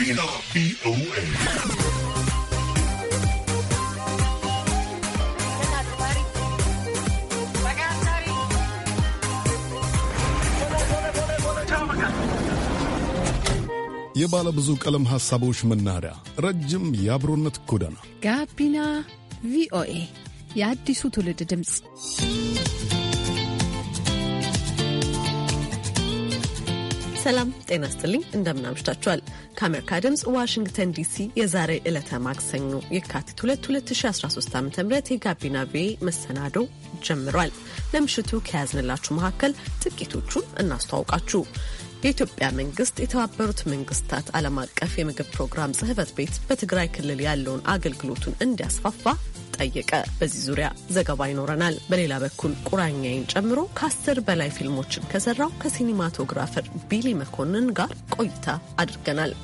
ጋቢና ቪኦኤ የባለ ብዙ ቀለም ሐሳቦች መናኸሪያ፣ ረጅም የአብሮነት ጎዳና ጋቢና ቪኦኤ የአዲሱ ትውልድ ድምፅ። ሰላም ጤና ስጥልኝ፣ እንደምናምሽታችኋል። ከአሜሪካ ድምፅ ዋሽንግተን ዲሲ የዛሬ ዕለተ ማክሰኞ የካቲት 2 2013 ዓ ም የጋቢና ቪ መሰናዶ ጀምሯል። ለምሽቱ ከያዝንላችሁ መካከል ጥቂቶቹን እናስተዋውቃችሁ። የኢትዮጵያ መንግስት የተባበሩት መንግስታት ዓለም አቀፍ የምግብ ፕሮግራም ጽህፈት ቤት በትግራይ ክልል ያለውን አገልግሎቱን እንዲያስፋፋ ጠየቀ። በዚህ ዙሪያ ዘገባ ይኖረናል። በሌላ በኩል ቁራኛይን ጨምሮ ከአስር በላይ ፊልሞችን ከሰራው ከሲኒማቶግራፈር ቢሊ መኮንን ጋር ቆይታ አድርገናል።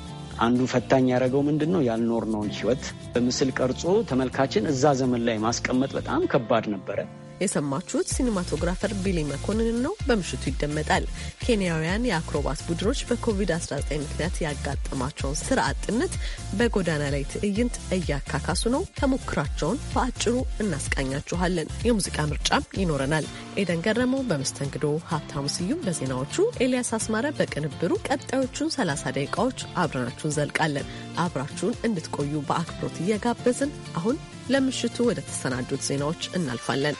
አንዱ ፈታኝ ያደረገው ምንድን ነው? ያልኖርነውን ህይወት በምስል ቀርጾ ተመልካችን እዛ ዘመን ላይ ማስቀመጥ በጣም ከባድ ነበረ። የሰማችሁት ሲኒማቶግራፈር ቢሊ መኮንንን ነው። በምሽቱ ይደመጣል። ኬንያውያን የአክሮባት ቡድኖች በኮቪድ-19 ምክንያት ያጋጠማቸውን ስራ አጥነት በጎዳና ላይ ትዕይንት እያካካሱ ነው። ተሞክራቸውን በአጭሩ እናስቃኛችኋለን። የሙዚቃ ምርጫም ይኖረናል። ኤደን ገረመው በመስተንግዶ፣ ሀብታሙ ስዩም በዜናዎቹ፣ ኤልያስ አስማረ በቅንብሩ ቀጣዮቹን 30 ደቂቃዎች አብረናችሁን ዘልቃለን። አብራችሁን እንድትቆዩ በአክብሮት እየጋበዝን አሁን ለምሽቱ ወደ ተሰናዱት ዜናዎች እናልፋለን።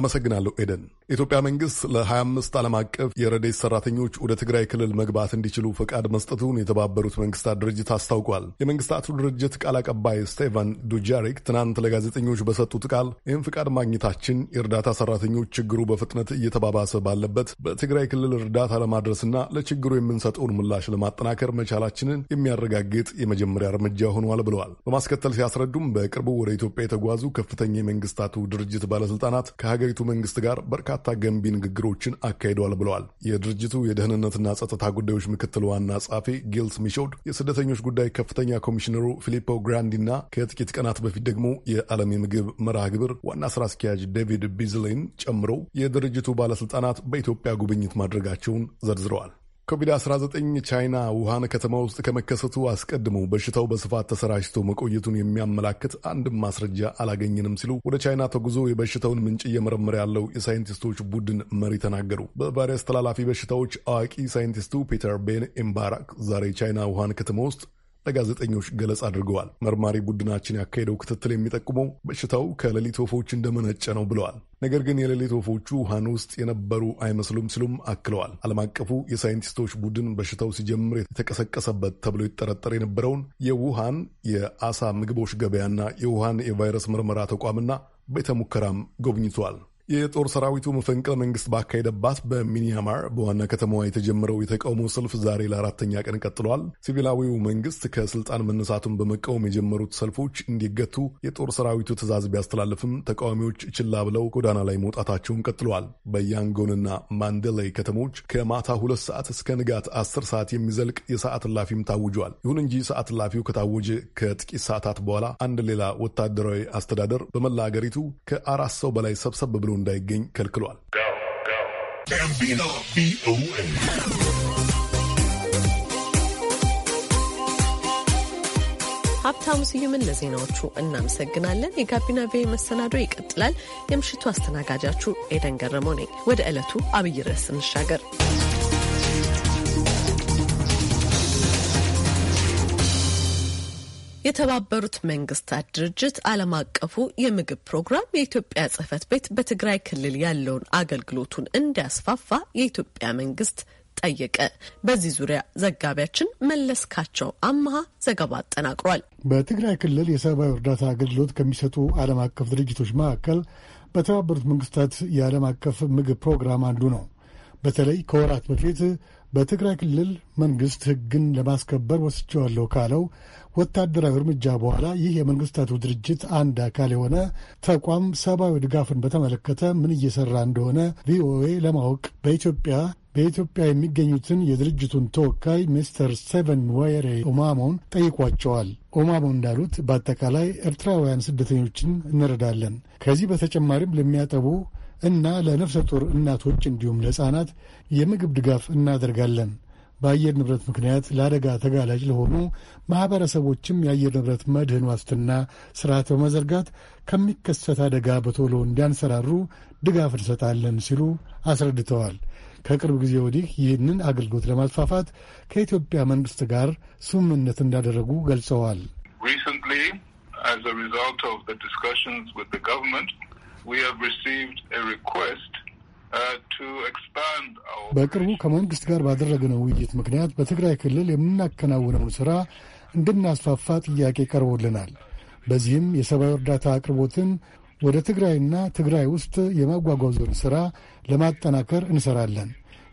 አመሰግናለሁ ኤደን። የኢትዮጵያ መንግስት ለ25 ዓለም አቀፍ የረዴት ሰራተኞች ወደ ትግራይ ክልል መግባት እንዲችሉ ፈቃድ መስጠቱን የተባበሩት መንግስታት ድርጅት አስታውቋል። የመንግስታቱ ድርጅት ቃል አቀባይ ስቴቫን ዱጃሪክ ትናንት ለጋዜጠኞች በሰጡት ቃል ይህም ፍቃድ ማግኘታችን የእርዳታ ሰራተኞች ችግሩ በፍጥነት እየተባባሰ ባለበት በትግራይ ክልል እርዳታ ለማድረስና ለችግሩ የምንሰጠውን ምላሽ ለማጠናከር መቻላችንን የሚያረጋግጥ የመጀመሪያ እርምጃ ሆኗል ብለዋል። በማስከተል ሲያስረዱም በቅርቡ ወደ ኢትዮጵያ የተጓዙ ከፍተኛ የመንግስታቱ ድርጅት ባለስልጣናት ከሀገሪቱ መንግስት ጋር በርካ በርካታ ገንቢ ንግግሮችን አካሂደዋል ብለዋል። የድርጅቱ የደህንነትና ጸጥታ ጉዳዮች ምክትል ዋና ጸሐፊ ጊልስ ሚሾድ፣ የስደተኞች ጉዳይ ከፍተኛ ኮሚሽነሩ ፊሊፖ ግራንዲና ከጥቂት ቀናት በፊት ደግሞ የዓለም የምግብ መርሃ ግብር ዋና ስራ አስኪያጅ ዴቪድ ቢዝሌን ጨምሮ የድርጅቱ ባለስልጣናት በኢትዮጵያ ጉብኝት ማድረጋቸውን ዘርዝረዋል። ኮቪድ-19 ቻይና ውሃን ከተማ ውስጥ ከመከሰቱ አስቀድሞ በሽታው በስፋት ተሰራጭቶ መቆየቱን የሚያመላክት አንድም ማስረጃ አላገኘንም ሲሉ ወደ ቻይና ተጉዞ የበሽታውን ምንጭ እየመረመረ ያለው የሳይንቲስቶች ቡድን መሪ ተናገሩ። በቫይረስ ተላላፊ በሽታዎች አዋቂ ሳይንቲስቱ ፒተር ቤን ኤምባራክ ዛሬ ቻይና ውሃን ከተማ ውስጥ ለጋዜጠኞች ገለጻ አድርገዋል። መርማሪ ቡድናችን ያካሄደው ክትትል የሚጠቁመው በሽታው ከሌሊት ወፎች እንደመነጨ ነው ብለዋል። ነገር ግን የሌሊት ወፎቹ ውሃን ውስጥ የነበሩ አይመስሉም ሲሉም አክለዋል። ዓለም አቀፉ የሳይንቲስቶች ቡድን በሽታው ሲጀምር የተቀሰቀሰበት ተብሎ ይጠረጠር የነበረውን የውሃን የአሳ ምግቦች ገበያና የውሃን የቫይረስ ምርመራ ተቋምና ቤተ ሙከራም ጎብኝቷል። የጦር ሰራዊቱ መፈንቅለ መንግስት ባካሄደባት በሚኒያማር በዋና ከተማዋ የተጀመረው የተቃውሞ ሰልፍ ዛሬ ለአራተኛ ቀን ቀጥሏል። ሲቪላዊው መንግስት ከስልጣን መነሳቱን በመቃወም የጀመሩት ሰልፎች እንዲገቱ የጦር ሰራዊቱ ትዕዛዝ ቢያስተላልፍም ተቃዋሚዎች ችላ ብለው ጎዳና ላይ መውጣታቸውን ቀጥለዋል። በያንጎንና ማንደላይ ከተሞች ከማታ ሁለት ሰዓት እስከ ንጋት አስር ሰዓት የሚዘልቅ የሰዓት እላፊም ታውጇል። ይሁን እንጂ ሰዓት እላፊው ከታወጀ ከጥቂት ሰዓታት በኋላ አንድ ሌላ ወታደራዊ አስተዳደር በመላ አገሪቱ ከአራት ሰው በላይ ሰብሰብ ብሎ እንዳይገኝ ከልክሏል። ሀብታሙ ስዩምን ለዜናዎቹ እናመሰግናለን። የጋቢና ቪ መሰናዶ ይቀጥላል። የምሽቱ አስተናጋጃችሁ ኤደን ገረመው ነኝ። ወደ ዕለቱ አብይ ርዕስ እንሻገር። የተባበሩት መንግስታት ድርጅት ዓለም አቀፉ የምግብ ፕሮግራም የኢትዮጵያ ጽህፈት ቤት በትግራይ ክልል ያለውን አገልግሎቱን እንዲያስፋፋ የኢትዮጵያ መንግስት ጠየቀ። በዚህ ዙሪያ ዘጋቢያችን መለስካቸው አመሃ ዘገባ አጠናቅሯል። በትግራይ ክልል የሰብአዊ እርዳታ አገልግሎት ከሚሰጡ ዓለም አቀፍ ድርጅቶች መካከል በተባበሩት መንግስታት የዓለም አቀፍ ምግብ ፕሮግራም አንዱ ነው። በተለይ ከወራት በፊት በትግራይ ክልል መንግስት ህግን ለማስከበር ወስቸዋለሁ ካለው ወታደራዊ እርምጃ በኋላ ይህ የመንግስታቱ ድርጅት አንድ አካል የሆነ ተቋም ሰብአዊ ድጋፍን በተመለከተ ምን እየሰራ እንደሆነ ቪኦኤ ለማወቅ በኢትዮጵያ በኢትዮጵያ የሚገኙትን የድርጅቱን ተወካይ ሚስተር ሴቨን ዋይሬ ኦማሞን ጠይቋቸዋል። ኦማሞ እንዳሉት በአጠቃላይ ኤርትራውያን ስደተኞችን እንረዳለን። ከዚህ በተጨማሪም ለሚያጠቡ እና ለነፍሰ ጡር እናቶች እንዲሁም ለሕፃናት የምግብ ድጋፍ እናደርጋለን። በአየር ንብረት ምክንያት ለአደጋ ተጋላጭ ለሆኑ ማኅበረሰቦችም የአየር ንብረት መድህን ዋስትና ስርዓት በመዘርጋት ከሚከሰት አደጋ በቶሎ እንዲያንሰራሩ ድጋፍ እንሰጣለን ሲሉ አስረድተዋል። ከቅርብ ጊዜ ወዲህ ይህንን አገልግሎት ለማስፋፋት ከኢትዮጵያ መንግሥት ጋር ስምምነት እንዳደረጉ ገልጸዋል። Uh, በቅርቡ ከመንግስት ጋር ባደረግነው ውይይት ምክንያት በትግራይ ክልል የምናከናውነውን ሥራ እንድናስፋፋ ጥያቄ ቀርቦልናል። በዚህም የሰብአዊ እርዳታ አቅርቦትን ወደ ትግራይና ትግራይ ውስጥ የማጓጓዙን ሥራ ለማጠናከር እንሰራለን።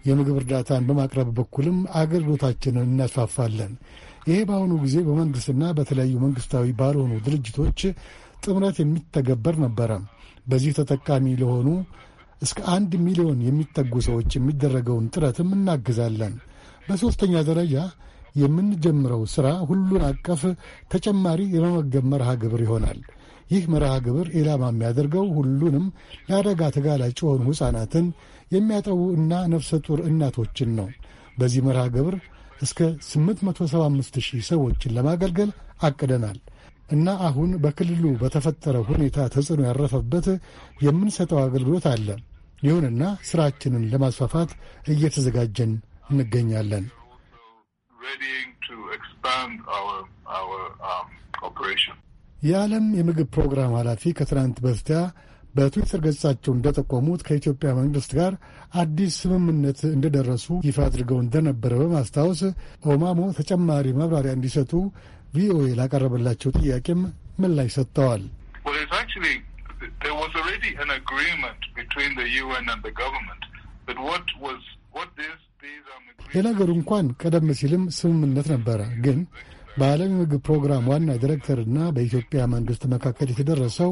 የምግብ እርዳታን በማቅረብ በኩልም አገልግሎታችንን እናስፋፋለን። ይሄ በአሁኑ ጊዜ በመንግሥትና በተለያዩ መንግሥታዊ ባልሆኑ ድርጅቶች ጥምረት የሚተገበር ነበረ። በዚህ ተጠቃሚ ለሆኑ እስከ አንድ ሚሊዮን የሚጠጉ ሰዎች የሚደረገውን ጥረትም እናግዛለን። በሦስተኛ ደረጃ የምንጀምረው ሥራ ሁሉን አቀፍ ተጨማሪ የመመገብ መርሃ ግብር ይሆናል። ይህ መርሃ ግብር ኢላማ የሚያደርገው ሁሉንም ለአደጋ ተጋላጭ የሆኑ ሕፃናትን የሚያጠቡ እና ነፍሰ ጡር እናቶችን ነው። በዚህ መርሃ ግብር እስከ 875 ሺህ ሰዎችን ለማገልገል አቅደናል። እና አሁን በክልሉ በተፈጠረው ሁኔታ ተጽዕኖ ያረፈበት የምንሰጠው አገልግሎት አለ። ይሁንና ስራችንን ለማስፋፋት እየተዘጋጀን እንገኛለን። የዓለም የምግብ ፕሮግራም ኃላፊ ከትናንት በስቲያ በትዊተር ገጻቸው እንደጠቆሙት ከኢትዮጵያ መንግሥት ጋር አዲስ ስምምነት እንደደረሱ ይፋ አድርገው እንደነበረ በማስታወስ ኦማሞ ተጨማሪ ማብራሪያ እንዲሰጡ ቪኦኤ ላቀረበላቸው ጥያቄም ምላሽ ሰጥተዋል። የነገሩ እንኳን ቀደም ሲልም ስምምነት ነበረ ግን በዓለም የምግብ ፕሮግራም ዋና ዲሬክተርና በኢትዮጵያ መንግሥት መካከል የተደረሰው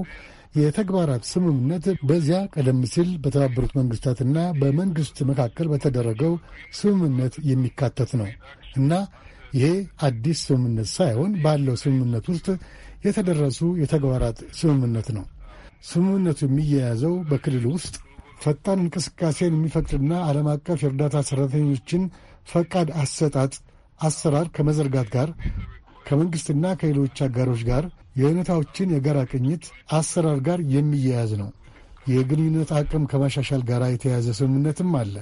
የተግባራት ስምምነት በዚያ ቀደም ሲል በተባበሩት መንግሥታትና በመንግሥት መካከል በተደረገው ስምምነት የሚካተት ነው እና ይሄ አዲስ ስምምነት ሳይሆን ባለው ስምምነት ውስጥ የተደረሱ የተግባራት ስምምነት ነው። ስምምነቱ የሚያያዘው በክልል ውስጥ ፈጣን እንቅስቃሴን የሚፈቅድና ዓለም አቀፍ የእርዳታ ሠራተኞችን ፈቃድ አሰጣጥ አሰራር ከመዘርጋት ጋር ከመንግሥትና ከሌሎች አጋሮች ጋር የእነታዎችን የጋራ ቅኝት አሰራር ጋር የሚያያዝ ነው። የግንኙነት አቅም ከማሻሻል ጋር የተያያዘ ስምምነትም አለ።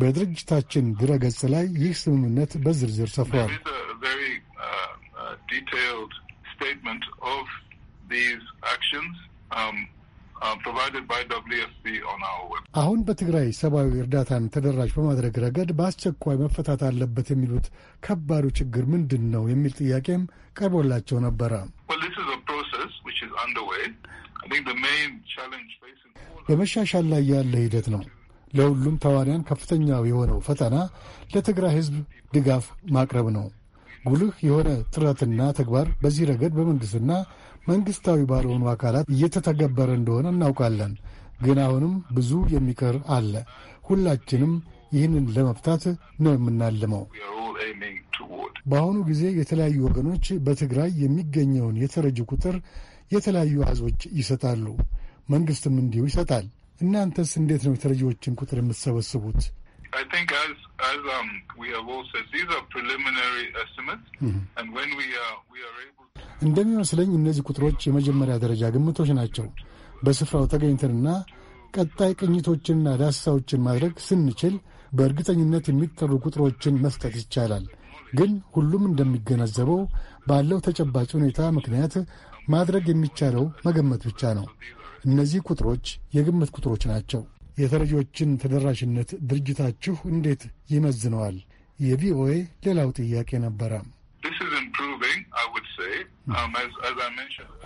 በድርጅታችን ድረገጽ ላይ ይህ ስምምነት በዝርዝር ሰፍሯል። uh, uh, um, uh, አሁን በትግራይ ሰብአዊ እርዳታን ተደራሽ በማድረግ ረገድ በአስቸኳይ መፈታት አለበት የሚሉት ከባዱ ችግር ምንድን ነው የሚል ጥያቄም ቀርቦላቸው ነበረ። በመሻሻል ላይ ያለ ሂደት ነው። ለሁሉም ተዋንያን ከፍተኛው የሆነው ፈተና ለትግራይ ህዝብ ድጋፍ ማቅረብ ነው። ጉልህ የሆነ ጥረትና ተግባር በዚህ ረገድ በመንግሥትና መንግሥታዊ ባልሆኑ አካላት እየተተገበረ እንደሆነ እናውቃለን። ግን አሁንም ብዙ የሚቀር አለ። ሁላችንም ይህንን ለመፍታት ነው የምናልመው። በአሁኑ ጊዜ የተለያዩ ወገኖች በትግራይ የሚገኘውን የተረጂ ቁጥር የተለያዩ አሃዞች ይሰጣሉ። መንግሥትም እንዲሁ ይሰጣል። እናንተስ እንዴት ነው የተረጂዎችን ቁጥር የምትሰበስቡት? Um, mm-hmm. እንደሚመስለኝ እነዚህ ቁጥሮች የመጀመሪያ ደረጃ ግምቶች ናቸው። በስፍራው ተገኝተንና ቀጣይ ቅኝቶችንና ዳሰሳዎችን ማድረግ ስንችል በእርግጠኝነት የሚጠሩ ቁጥሮችን መስጠት ይቻላል። ግን ሁሉም እንደሚገነዘበው ባለው ተጨባጭ ሁኔታ ምክንያት ማድረግ የሚቻለው መገመት ብቻ ነው። እነዚህ ቁጥሮች የግምት ቁጥሮች ናቸው። የተረጂዎችን ተደራሽነት ድርጅታችሁ እንዴት ይመዝነዋል? የቪኦኤ ሌላው ጥያቄ ነበረ። um,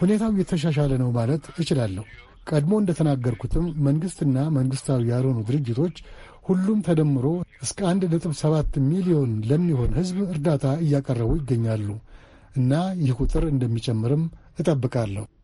ሁኔታው የተሻሻለ ነው ማለት እችላለሁ። ቀድሞ እንደተናገርኩትም መንግሥትና መንግሥታዊ ያልሆኑ ድርጅቶች ሁሉም ተደምሮ እስከ አንድ ነጥብ ሰባት ሚሊዮን ለሚሆን ሕዝብ እርዳታ እያቀረቡ ይገኛሉ እና ይህ ቁጥር እንደሚጨምርም እጠብቃለሁ።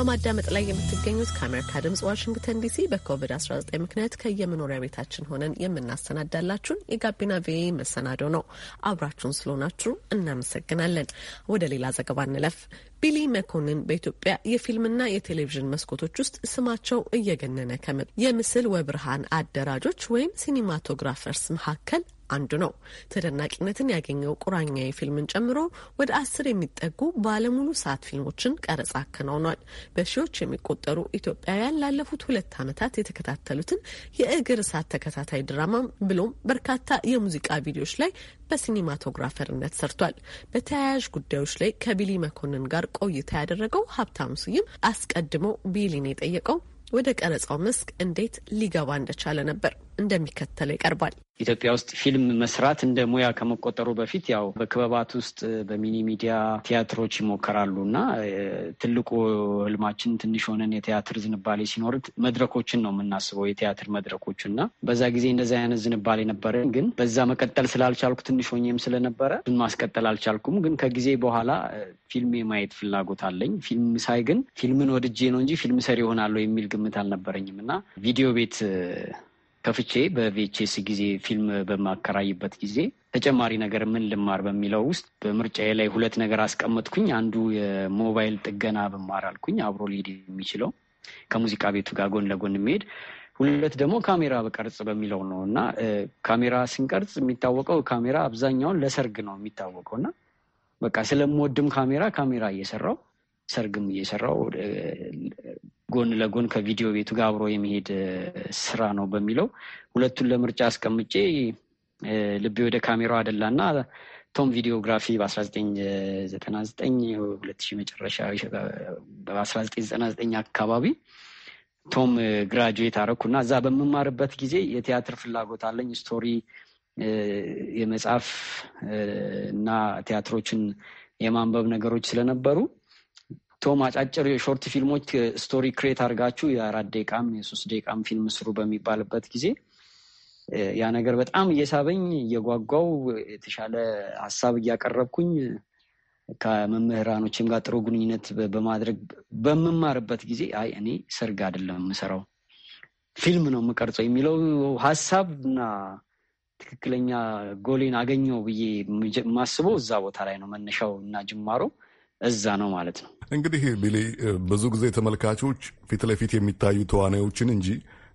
በማዳመጥ ላይ የምትገኙት ከአሜሪካ ድምጽ ዋሽንግተን ዲሲ በኮቪድ-19 ምክንያት ከየመኖሪያ ቤታችን ሆነን የምናሰናዳላችሁን የጋቢና ቪኦኤ መሰናዶ ነው። አብራችሁን ስለሆናችሁ እናመሰግናለን። ወደ ሌላ ዘገባ እንለፍ። ቢሊ መኮንን በኢትዮጵያ የፊልምና የቴሌቪዥን መስኮቶች ውስጥ ስማቸው እየገነነ ከመጡ የምስል ወብርሃን አደራጆች ወይም ሲኒማቶግራፈርስ መካከል አንዱ ነው። ተደናቂነትን ያገኘው ቁራኛዊ ፊልምን ጨምሮ ወደ አስር የሚጠጉ ባለሙሉ ሰዓት ፊልሞችን ቀረጻ አከናውኗል። በሺዎች የሚቆጠሩ ኢትዮጵያውያን ላለፉት ሁለት ዓመታት የተከታተሉትን የእግር እሳት ተከታታይ ድራማ ብሎም በርካታ የሙዚቃ ቪዲዮዎች ላይ በሲኒማቶግራፈርነት ሰርቷል። በተያያዥ ጉዳዮች ላይ ከቢሊ መኮንን ጋር ቆይታ ያደረገው ሀብታም ስዩም አስቀድመው ቢሊን የጠየቀው ወደ ቀረጻው መስክ እንዴት ሊገባ እንደቻለ ነበር። እንደሚከተለው ይቀርባል። ኢትዮጵያ ውስጥ ፊልም መስራት እንደ ሙያ ከመቆጠሩ በፊት ያው በክበባት ውስጥ በሚኒ ሚዲያ ቲያትሮች ይሞከራሉ እና ትልቁ ህልማችን ትንሽ ሆነን የቲያትር ዝንባሌ ሲኖር መድረኮችን ነው የምናስበው የቲያትር መድረኮች እና በዛ ጊዜ እንደዚ አይነት ዝንባሌ ነበረ። ግን በዛ መቀጠል ስላልቻልኩ ትንሽ ሆኜም ስለነበረ ማስቀጠል አልቻልኩም። ግን ከጊዜ በኋላ ፊልም የማየት ፍላጎት አለኝ። ፊልም ሳይ ግን ፊልምን ወድጄ ነው እንጂ ፊልም ሰሪ ይሆናለሁ የሚል ግምት አልነበረኝም እና ቪዲዮ ቤት ከፍቼ በቪኤችኤስ ጊዜ ፊልም በማከራይበት ጊዜ ተጨማሪ ነገር ምን ልማር በሚለው ውስጥ በምርጫዬ ላይ ሁለት ነገር አስቀመጥኩኝ። አንዱ የሞባይል ጥገና ብማር አልኩኝ፣ አብሮ ሊሄድ የሚችለው ከሙዚቃ ቤቱ ጋር ጎን ለጎን የሚሄድ ሁለት ደግሞ ካሜራ በቀርጽ በሚለው ነው እና ካሜራ ስንቀርጽ የሚታወቀው ካሜራ አብዛኛውን ለሰርግ ነው የሚታወቀው እና በቃ ስለምወድም ካሜራ ካሜራ እየሰራው ሰርግም እየሰራው ጎን ለጎን ከቪዲዮ ቤቱ ጋር አብሮ የሚሄድ ስራ ነው በሚለው ሁለቱን ለምርጫ አስቀምጬ ልቤ ወደ ካሜራው አደላ እና ቶም ቪዲዮግራፊ በ1999 2000 መጨረሻ በ1999 አካባቢ ቶም ግራጁዌት አረኩ እና እዛ በምማርበት ጊዜ የቲያትር ፍላጎት አለኝ። ስቶሪ የመጽሐፍ እና ቲያትሮችን የማንበብ ነገሮች ስለነበሩ ቶም አጫጭር የሾርት ፊልሞች ስቶሪ ክሬት አድርጋችሁ የአራት ደቂቃም የሶስት ደቂቃም ፊልም ስሩ በሚባልበት ጊዜ ያ ነገር በጣም እየሳበኝ እየጓጓው የተሻለ ሀሳብ እያቀረብኩኝ ከመምህራኖችም ጋር ጥሩ ግንኙነት በማድረግ በምማርበት ጊዜ አይ እኔ ሰርግ አይደለም የምሰራው ፊልም ነው የምቀርጸው የሚለው ሀሳብና ትክክለኛ ጎሌን አገኘው ብዬ የማስበው እዛ ቦታ ላይ ነው መነሻው እና ጅማሮ። እዛ ነው ማለት ነው። እንግዲህ ቢሊ፣ ብዙ ጊዜ ተመልካቾች ፊት ለፊት የሚታዩ ተዋናዮችን እንጂ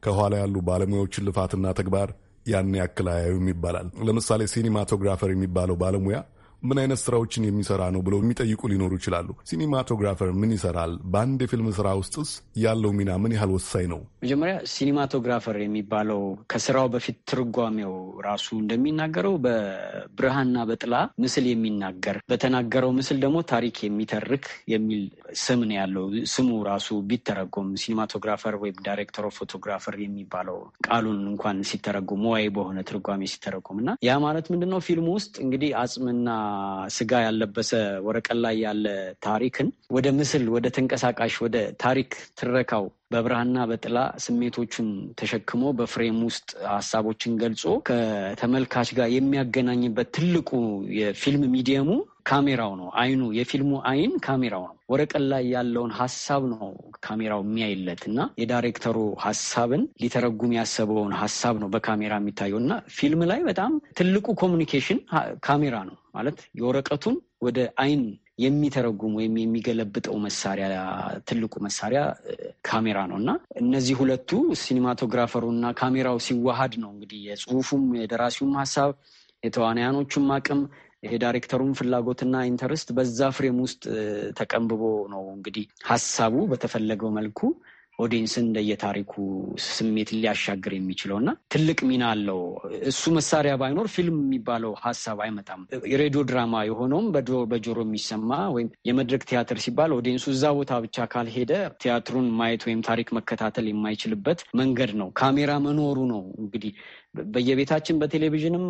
ከኋላ ያሉ ባለሙያዎችን ልፋትና ተግባር ያን ያክል አያዩም ይባላል። ለምሳሌ ሲኒማቶግራፈር የሚባለው ባለሙያ ምን አይነት ስራዎችን የሚሰራ ነው ብለው የሚጠይቁ ሊኖሩ ይችላሉ። ሲኒማቶግራፈር ምን ይሰራል? በአንድ የፊልም ስራ ውስጥስ ያለው ሚና ምን ያህል ወሳኝ ነው? መጀመሪያ ሲኒማቶግራፈር የሚባለው ከስራው በፊት ትርጓሜው ራሱ እንደሚናገረው በብርሃንና በጥላ ምስል የሚናገር በተናገረው ምስል ደግሞ ታሪክ የሚተርክ የሚል ስም ነው ያለው። ስሙ ራሱ ቢተረጎም ሲኒማቶግራፈር ወይም ዳይሬክተር ኦፍ ፎቶግራፈር የሚባለው ቃሉን እንኳን ሲተረጎም ወይ በሆነ ትርጓሜ ሲተረጎም እና ያ ማለት ምንድነው ፊልም ፊልሙ ውስጥ እንግዲህ አጽምና ስጋ ያለበሰ ወረቀት ላይ ያለ ታሪክን ወደ ምስል፣ ወደ ተንቀሳቃሽ፣ ወደ ታሪክ ትረካው በብርሃና በጥላ ስሜቶቹን ተሸክሞ በፍሬም ውስጥ ሀሳቦችን ገልጾ ከተመልካች ጋር የሚያገናኝበት ትልቁ የፊልም ሚዲየሙ ካሜራው ነው። አይኑ የፊልሙ አይን ካሜራው ነው። ወረቀት ላይ ያለውን ሀሳብ ነው ካሜራው የሚያይለት እና የዳይሬክተሩ ሀሳብን ሊተረጉም ያሰበውን ሀሳብ ነው በካሜራ የሚታየው እና ፊልም ላይ በጣም ትልቁ ኮሚኒኬሽን ካሜራ ነው ማለት የወረቀቱን ወደ አይን የሚተረጉም ወይም የሚገለብጠው መሳሪያ ትልቁ መሳሪያ ካሜራ ነው እና እነዚህ ሁለቱ ሲኒማቶግራፈሩ እና ካሜራው ሲዋሃድ ነው እንግዲህ የጽሁፉም የደራሲውም ሀሳብ የተዋናያኖቹም አቅም የዳይሬክተሩን ፍላጎትና ኢንተረስት በዛ ፍሬም ውስጥ ተቀንብቦ ነው እንግዲህ ሀሳቡ በተፈለገው መልኩ ኦዲንስን እንደየታሪኩ ስሜት ሊያሻግር የሚችለው እና ትልቅ ሚና አለው። እሱ መሳሪያ ባይኖር ፊልም የሚባለው ሀሳብ አይመጣም። የሬዲዮ ድራማ የሆነውም በጆሮ የሚሰማ ወይም የመድረክ ቲያትር ሲባል ኦዲንሱ እዛ ቦታ ብቻ ካልሄደ ቲያትሩን ማየት ወይም ታሪክ መከታተል የማይችልበት መንገድ ነው። ካሜራ መኖሩ ነው እንግዲህ በየቤታችን በቴሌቪዥንም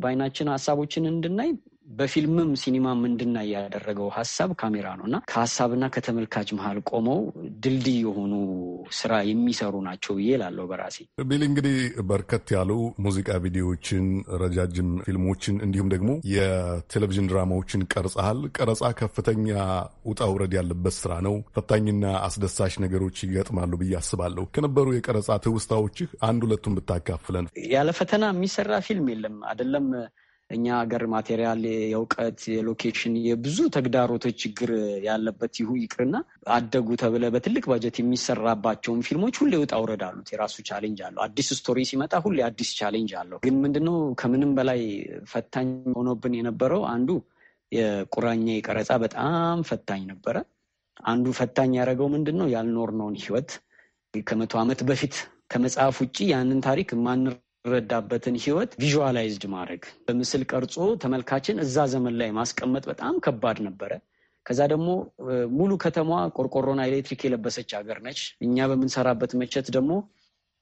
በአይናችን ሀሳቦችን እንድናይ በፊልምም ሲኒማም እንድናይ ያደረገው ሀሳብ ካሜራ ነው እና ከሀሳብና ከተመልካች መሀል ቆመው ድልድይ የሆኑ ስራ የሚሰሩ ናቸው ብዬ እላለሁ በራሴ። ቢል እንግዲህ በርከት ያሉ ሙዚቃ ቪዲዮዎችን፣ ረጃጅም ፊልሞችን እንዲሁም ደግሞ የቴሌቪዥን ድራማዎችን ቀርጸሃል። ቀረጻ ከፍተኛ ውጣ ውረድ ያለበት ስራ ነው። ፈታኝና አስደሳች ነገሮች ይገጥማሉ ብዬ አስባለሁ። ከነበሩ የቀረጻ ትውስታዎችህ አንድ ሁለቱን ብታካፍለን። ያለ ፈተና የሚሰራ ፊልም የለም አይደለም እኛ ሀገር ማቴሪያል፣ የእውቀት፣ የሎኬሽን የብዙ ተግዳሮቶች ችግር ያለበት ይሁ ይቅርና አደጉ ተብለ በትልቅ ባጀት የሚሰራባቸውን ፊልሞች ሁሌ ውጣ ውረድ አሉት። የራሱ ቻሌንጅ አለው። አዲስ ስቶሪ ሲመጣ ሁሌ አዲስ ቻሌንጅ አለው። ግን ምንድነው ከምንም በላይ ፈታኝ ሆኖብን የነበረው አንዱ የቁራኛ ቀረጻ በጣም ፈታኝ ነበረ። አንዱ ፈታኝ ያደረገው ምንድን ነው ያልኖርነውን ህይወት ከመቶ ዓመት በፊት ከመጽሐፍ ውጭ ያንን ታሪክ ማንር ረዳበትን ህይወት ቪዥዋላይዝድ ማድረግ በምስል ቀርጾ ተመልካችን እዛ ዘመን ላይ ማስቀመጥ በጣም ከባድ ነበረ። ከዛ ደግሞ ሙሉ ከተማዋ ቆርቆሮና ኤሌክትሪክ የለበሰች ሀገር ነች። እኛ በምንሰራበት መቼት ደግሞ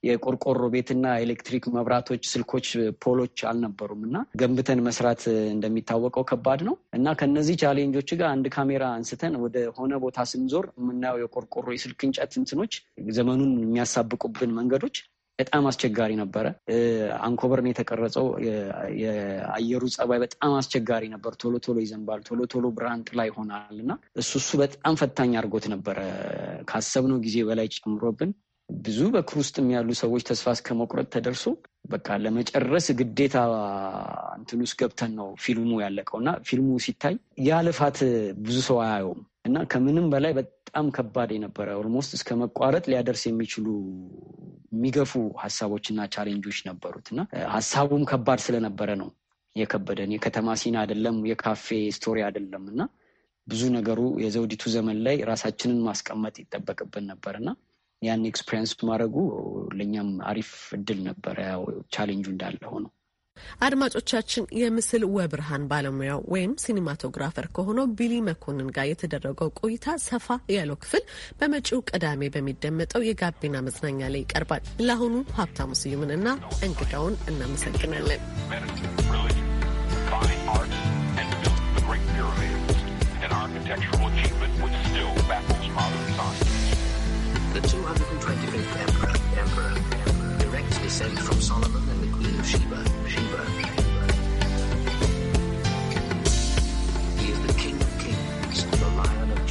የቆርቆሮ ቤትና ኤሌክትሪክ መብራቶች፣ ስልኮች፣ ፖሎች አልነበሩም እና ገንብተን መስራት እንደሚታወቀው ከባድ ነው እና ከነዚህ ቻሌንጆች ጋር አንድ ካሜራ አንስተን ወደ ሆነ ቦታ ስንዞር የምናየው የቆርቆሮ የስልክ እንጨት እንትኖች ዘመኑን የሚያሳብቁብን መንገዶች በጣም አስቸጋሪ ነበረ። አንኮበርን የተቀረጸው የአየሩ ጸባይ በጣም አስቸጋሪ ነበር። ቶሎ ቶሎ ይዘንባል፣ ቶሎ ቶሎ ብርሃን ጥላ ይሆናል እና እሱ እሱ በጣም ፈታኝ አድርጎት ነበረ ካሰብነው ጊዜ በላይ ጨምሮብን ብዙ በክሩ ውስጥም ያሉ ሰዎች ተስፋ እስከ መቁረጥ ተደርሶ በቃ ለመጨረስ ግዴታ እንትን ውስጥ ገብተን ነው ፊልሙ ያለቀው እና ፊልሙ ሲታይ ልፋት ብዙ ሰው አያየውም እና ከምንም በላይ በጣም ከባድ የነበረ ኦልሞስት እስከ መቋረጥ ሊያደርስ የሚችሉ የሚገፉ ሀሳቦችና ቻሌንጆች ነበሩት እና ሀሳቡም ከባድ ስለነበረ ነው የከበደን። የከተማ ሲን አይደለም፣ የካፌ ስቶሪ አይደለም እና ብዙ ነገሩ የዘውዲቱ ዘመን ላይ ራሳችንን ማስቀመጥ ይጠበቅብን ነበር እና ያን ኤክስፒሪየንስ ማድረጉ ለእኛም አሪፍ እድል ነበረ። ያው ቻሌንጁ እንዳለ ሆነው አድማጮቻችን የምስል ወብርሃን ባለሙያው ወይም ሲኒማቶግራፈር ከሆነው ቢሊ መኮንን ጋር የተደረገው ቆይታ ሰፋ ያለው ክፍል በመጪው ቅዳሜ በሚደመጠው የጋቢና መዝናኛ ላይ ይቀርባል። ለአሁኑ ሀብታሙ ስዩምንና እንግዳውን እናመሰግናለን። The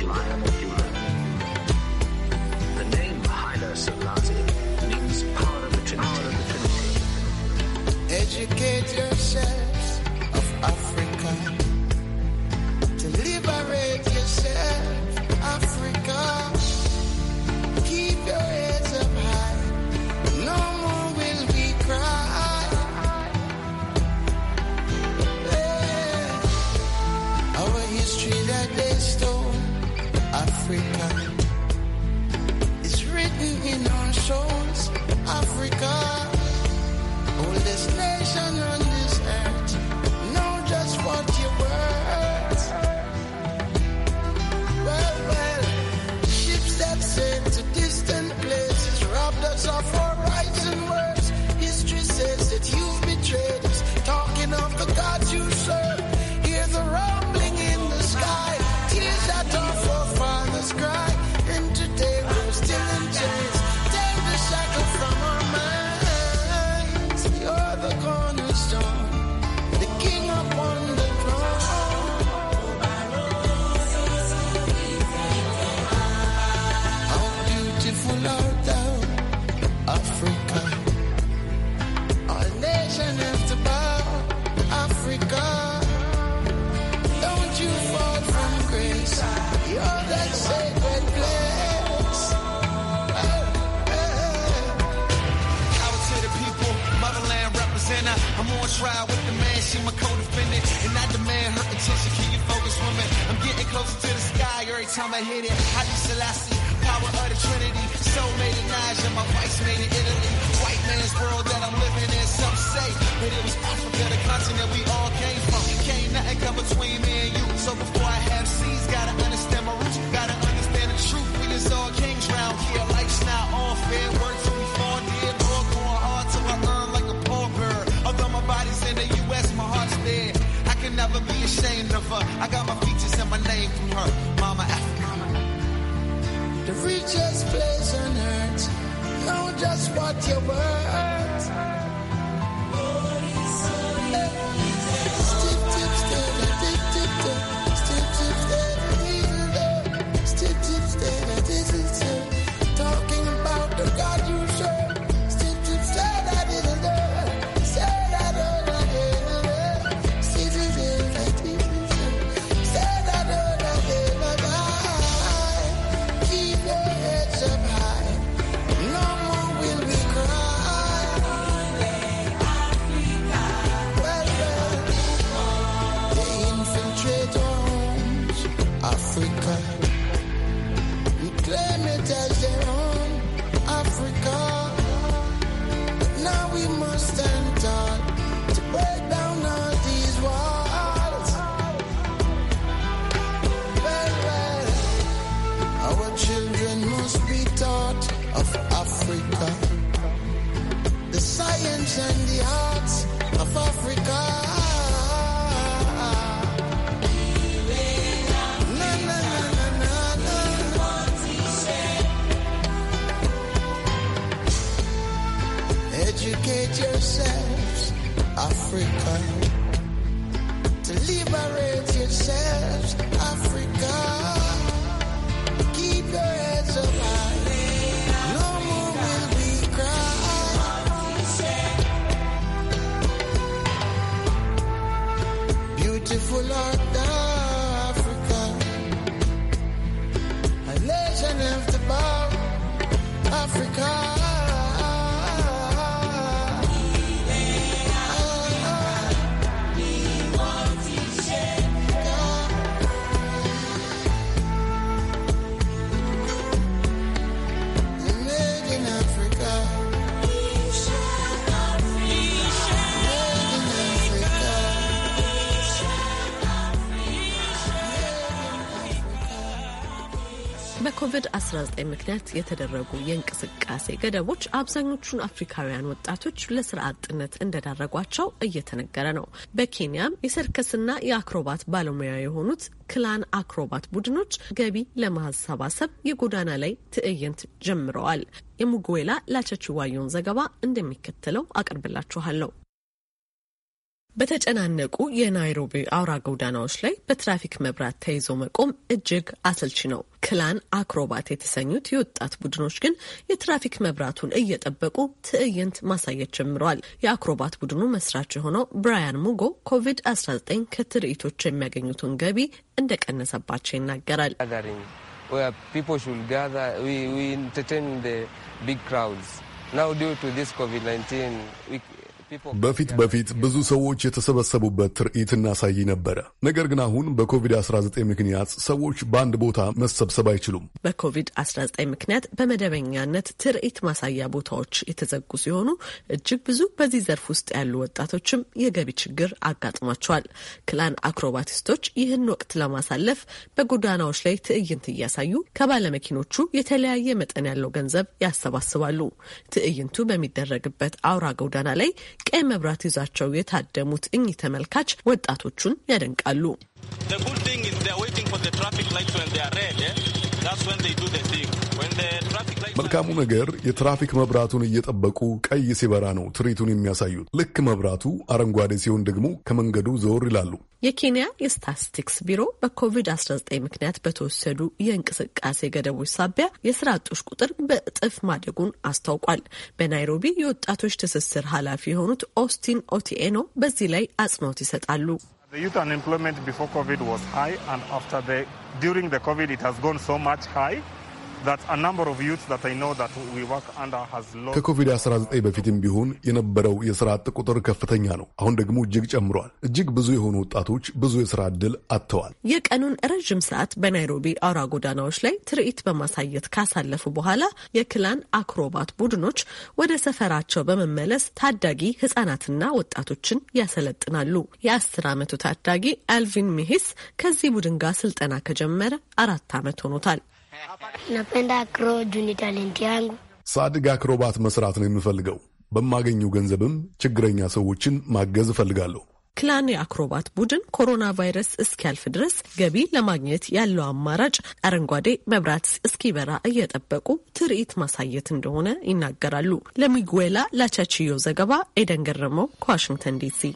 Pokemon Pokemon. The name Haile Selassie means part of the Trinity. Educator. storm and the hearts of Africa. Educate yourselves, Africa. በኮቪድ-19 ምክንያት የተደረጉ የእንቅስቃሴ ገደቦች አብዛኞቹን አፍሪካውያን ወጣቶች ለስራ አጥነት እንደዳረጓቸው እየተነገረ ነው። በኬንያም የሰርከስና የአክሮባት ባለሙያ የሆኑት ክላን አክሮባት ቡድኖች ገቢ ለማሰባሰብ የጎዳና ላይ ትዕይንት ጀምረዋል። የሙጉዌላ ላቸችዋየውን ዘገባ እንደሚከተለው አቀርብላችኋለሁ። በተጨናነቁ የናይሮቢ አውራ ጎዳናዎች ላይ በትራፊክ መብራት ተይዞ መቆም እጅግ አሰልቺ ነው። ክላን አክሮባት የተሰኙት የወጣት ቡድኖች ግን የትራፊክ መብራቱን እየጠበቁ ትዕይንት ማሳየት ጀምረዋል። የአክሮባት ቡድኑ መስራች የሆነው ብራያን ሙጎ ኮቪድ-19 ከትርኢቶች የሚያገኙትን ገቢ እንደቀነሰባቸው ይናገራል። በፊት በፊት ብዙ ሰዎች የተሰበሰቡበት ትርኢት እናሳይ ነበረ። ነገር ግን አሁን በኮቪድ-19 ምክንያት ሰዎች በአንድ ቦታ መሰብሰብ አይችሉም። በኮቪድ-19 ምክንያት በመደበኛነት ትርኢት ማሳያ ቦታዎች የተዘጉ ሲሆኑ እጅግ ብዙ በዚህ ዘርፍ ውስጥ ያሉ ወጣቶችም የገቢ ችግር አጋጥሟቸዋል። ክላን አክሮባቲስቶች ይህን ወቅት ለማሳለፍ በጎዳናዎች ላይ ትዕይንት እያሳዩ ከባለመኪኖቹ የተለያየ መጠን ያለው ገንዘብ ያሰባስባሉ። ትዕይንቱ በሚደረግበት አውራ ጎዳና ላይ ቀይ መብራት ይዛቸው የታደሙት እኚህ ተመልካች ወጣቶቹን ያደንቃሉ። መልካሙ ነገር የትራፊክ መብራቱን እየጠበቁ ቀይ ሲበራ ነው ትርኢቱን የሚያሳዩት። ልክ መብራቱ አረንጓዴ ሲሆን ደግሞ ከመንገዱ ዘወር ይላሉ። የኬንያ የስታቲስቲክስ ቢሮ በኮቪድ-19 ምክንያት በተወሰዱ የእንቅስቃሴ ገደቦች ሳቢያ የስራ አጦች ቁጥር በእጥፍ ማደጉን አስታውቋል። በናይሮቢ የወጣቶች ትስስር ኃላፊ የሆኑት ኦስቲን ኦቲኤኖ በዚህ ላይ አጽንኦት ይሰጣሉ። ከኮቪድ-19 በፊትም ቢሆን የነበረው የስራ አጥ ቁጥር ከፍተኛ ነው። አሁን ደግሞ እጅግ ጨምሯል። እጅግ ብዙ የሆኑ ወጣቶች ብዙ የስራ ዕድል አጥተዋል። የቀኑን ረዥም ሰዓት በናይሮቢ አውራ ጎዳናዎች ላይ ትርኢት በማሳየት ካሳለፉ በኋላ የክላን አክሮባት ቡድኖች ወደ ሰፈራቸው በመመለስ ታዳጊ ህጻናትና ወጣቶችን ያሰለጥናሉ። የአስር ዓመቱ ታዳጊ አልቪን ሚሂስ ከዚህ ቡድን ጋር ስልጠና ከጀመረ አራት ዓመት ሆኖታል። napenda akro juu ni talenti yangu። ሳድግ አክሮባት መስራት ነው የምፈልገው። በማገኘው ገንዘብም ችግረኛ ሰዎችን ማገዝ እፈልጋለሁ። ክላን የአክሮባት ቡድን ኮሮና ቫይረስ እስኪያልፍ ድረስ ገቢ ለማግኘት ያለው አማራጭ አረንጓዴ መብራት እስኪበራ እየጠበቁ ትርኢት ማሳየት እንደሆነ ይናገራሉ። ለሚጉዌላ ላቻችዮ ዘገባ ኤደን ገረመው ከዋሽንግተን ዲሲ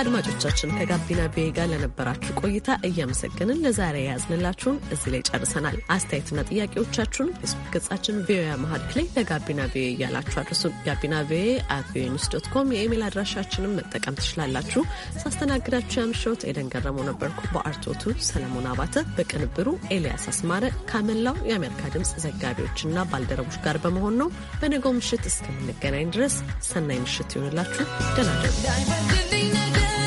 አድማጮች አድማጮቻችን ከጋቢና ቪኦኤ ጋር ለነበራችሁ ቆይታ እያመሰገንን ለዛሬ የያዝንላችሁን እዚህ ላይ ጨርሰናል። አስተያየትና ጥያቄዎቻችሁን ፌስቡክ ገጻችን ቪኦኤ አማሪክ ላይ ለጋቢና ቪኦኤ እያላችሁ አድርሱን። ጋቢና ቪኦኤ አት ቪኦኤ ኒውስ ዶት ኮም የኢሜል አድራሻችንን መጠቀም ትችላላችሁ። ሳስተናግዳችሁ ያምሸውት ኤደን ገረመው ነበርኩ። በአርቶቱ ሰለሞን አባተ፣ በቅንብሩ ኤልያስ አስማረ ከመላው የአሜሪካ ድምፅ ዘጋቢዎችና ባልደረቦች ጋር በመሆን ነው። በነገው ምሽት እስከምንገናኝ ድረስ ሰናይ ምሽት ይሆንላችሁ። ደህና ደሩ።